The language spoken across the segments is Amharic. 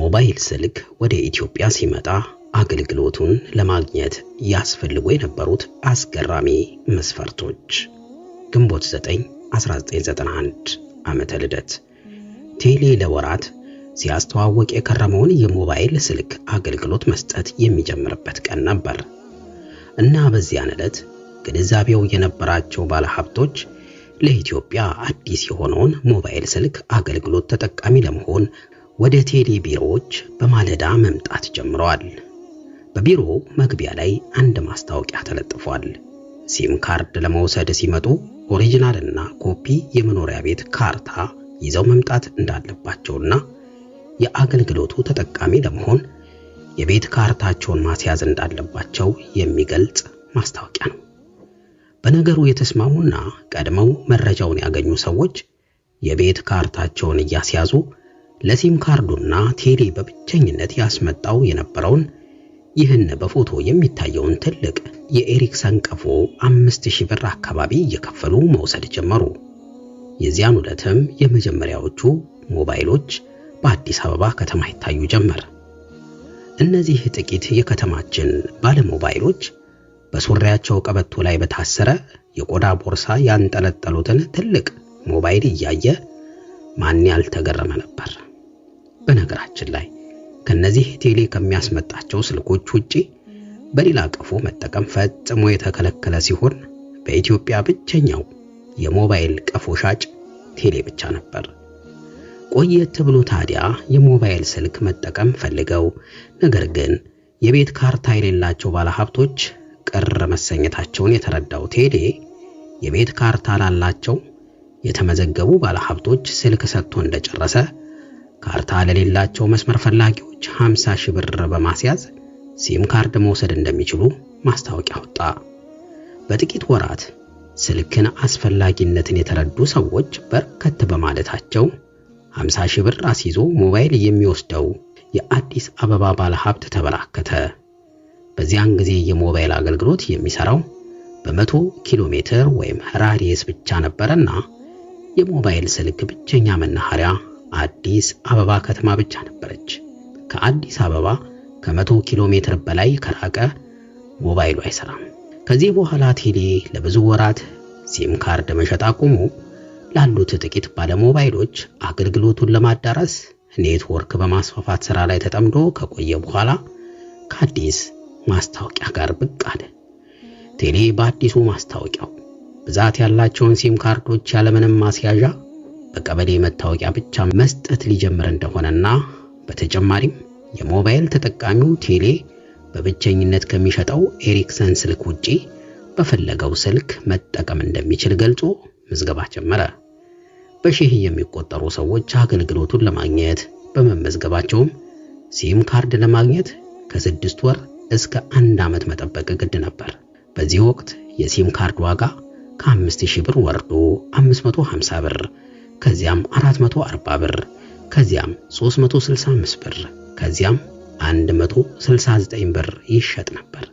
ሞባይል ስልክ ወደ ኢትዮጵያ ሲመጣ አገልግሎቱን ለማግኘት ያስፈልጉ የነበሩት አስገራሚ መስፈርቶች። ግንቦት 9 1991 ዓመተ ልደት ቴሌ ለወራት ሲያስተዋወቅ የከረመውን የሞባይል ስልክ አገልግሎት መስጠት የሚጀምርበት ቀን ነበር እና በዚያን ዕለት ግንዛቤው የነበራቸው ባለሀብቶች ለኢትዮጵያ አዲስ የሆነውን ሞባይል ስልክ አገልግሎት ተጠቃሚ ለመሆን ወደ ቴሌ ቢሮዎች በማለዳ መምጣት ጀምረዋል። በቢሮው መግቢያ ላይ አንድ ማስታወቂያ ተለጥፏል። ሲም ካርድ ለመውሰድ ሲመጡ ኦሪጂናልና ኮፒ የመኖሪያ ቤት ካርታ ይዘው መምጣት እንዳለባቸውና የአገልግሎቱ ተጠቃሚ ለመሆን የቤት ካርታቸውን ማስያዝ እንዳለባቸው የሚገልጽ ማስታወቂያ ነው። በነገሩ የተስማሙና ቀድመው መረጃውን ያገኙ ሰዎች የቤት ካርታቸውን እያስያዙ ለሲም ካርዱና ቴሌ በብቸኝነት ያስመጣው የነበረውን ይህን በፎቶ የሚታየውን ትልቅ የኤሪክሰን ቀፎ አምስት ሺህ ብር አካባቢ እየከፈሉ መውሰድ ጀመሩ። የዚያን ዕለትም የመጀመሪያዎቹ ሞባይሎች በአዲስ አበባ ከተማ ይታዩ ጀመር። እነዚህ ጥቂት የከተማችን ባለሞባይሎች በሱሪያቸው ቀበቶ ላይ በታሰረ የቆዳ ቦርሳ ያንጠለጠሉትን ትልቅ ሞባይል እያየ ማን ያልተገረመ ነበር? በነገራችን ላይ ከነዚህ ቴሌ ከሚያስመጣቸው ስልኮች ውጪ በሌላ ቀፎ መጠቀም ፈጽሞ የተከለከለ ሲሆን በኢትዮጵያ ብቸኛው የሞባይል ቀፎ ሻጭ ቴሌ ብቻ ነበር። ቆየት ብሎ ታዲያ የሞባይል ስልክ መጠቀም ፈልገው ነገር ግን የቤት ካርታ የሌላቸው ባለሀብቶች ቅር መሰኘታቸውን የተረዳው ቴሌ የቤት ካርታ ላላቸው የተመዘገቡ ባለሀብቶች ስልክ ሰጥቶ እንደጨረሰ ካርታ ለሌላቸው መስመር ፈላጊዎች 50 ሺህ ብር በማስያዝ ሲም ካርድ መውሰድ እንደሚችሉ ማስታወቂያ ወጣ። በጥቂት ወራት ስልክን አስፈላጊነትን የተረዱ ሰዎች በርከት በማለታቸው 50 ሺህ ብር አስይዞ ሞባይል የሚወስደው የአዲስ አበባ ባለሀብት ተበራከተ። በዚያን ጊዜ የሞባይል አገልግሎት የሚሰራው በመቶ ኪሎ ሜትር ወይም ራዲየስ ብቻ ነበረና የሞባይል ስልክ ብቸኛ መናኸሪያ አዲስ አበባ ከተማ ብቻ ነበረች። ከአዲስ አበባ ከመቶ ኪሎ ሜትር በላይ ከራቀ ሞባይሉ አይሰራም። ከዚህ በኋላ ቴሌ ለብዙ ወራት ሲም ካርድ መሸጥ አቁሞ ላሉት ጥቂት ባለሞባይሎች አገልግሎቱን ለማዳረስ ኔትወርክ በማስፋፋት ስራ ላይ ተጠምዶ ከቆየ በኋላ ከአዲስ ማስታወቂያ ጋር ብቅ አለ። ቴሌ በአዲሱ ማስታወቂያው ብዛት ያላቸውን ሲም ካርዶች ያለምንም ማስያዣ በቀበሌ መታወቂያ ብቻ መስጠት ሊጀምር እንደሆነና በተጨማሪም የሞባይል ተጠቃሚው ቴሌ በብቸኝነት ከሚሸጠው ኤሪክሰን ስልክ ውጪ በፈለገው ስልክ መጠቀም እንደሚችል ገልጾ ምዝገባ ጀመረ። በሺህ የሚቆጠሩ ሰዎች አገልግሎቱን ለማግኘት በመመዝገባቸውም ሲም ካርድ ለማግኘት ከስድስት ወር እስከ አንድ ዓመት መጠበቅ ግድ ነበር። በዚህ ወቅት የሲም ካርድ ዋጋ ከ5000 ብር ወርዶ 550 ብር ከዚያም 440 ብር፣ ከዚያም 365 ብር፣ ከዚያም 169 ብር ይሸጥ ነበር።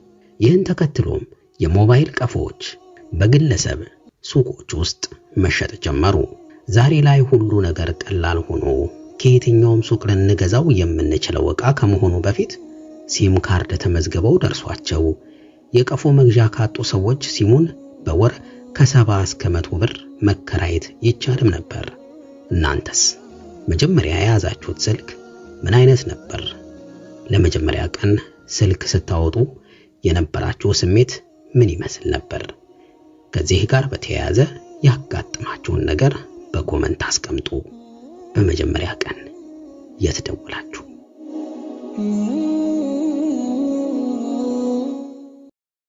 ይህን ተከትሎም የሞባይል ቀፎዎች በግለሰብ ሱቆች ውስጥ መሸጥ ጀመሩ። ዛሬ ላይ ሁሉ ነገር ቀላል ሆኖ ከየትኛውም ሱቅ ልንገዛው የምንችለው ዕቃ ከመሆኑ በፊት ሲም ካርድ ተመዝግበው ደርሷቸው የቀፎ መግዣ ካጡ ሰዎች ሲሙን በወር ከሰባ እስከ መቶ ብር መከራየት ይቻልም ነበር። እናንተስ መጀመሪያ የያዛችሁት ስልክ ምን አይነት ነበር? ለመጀመሪያ ቀን ስልክ ስታወጡ የነበራችሁ ስሜት ምን ይመስል ነበር? ከዚህ ጋር በተያያዘ ያጋጥማችሁን ነገር በኮመንት አስቀምጡ። በመጀመሪያ ቀን የት ደወላችሁ?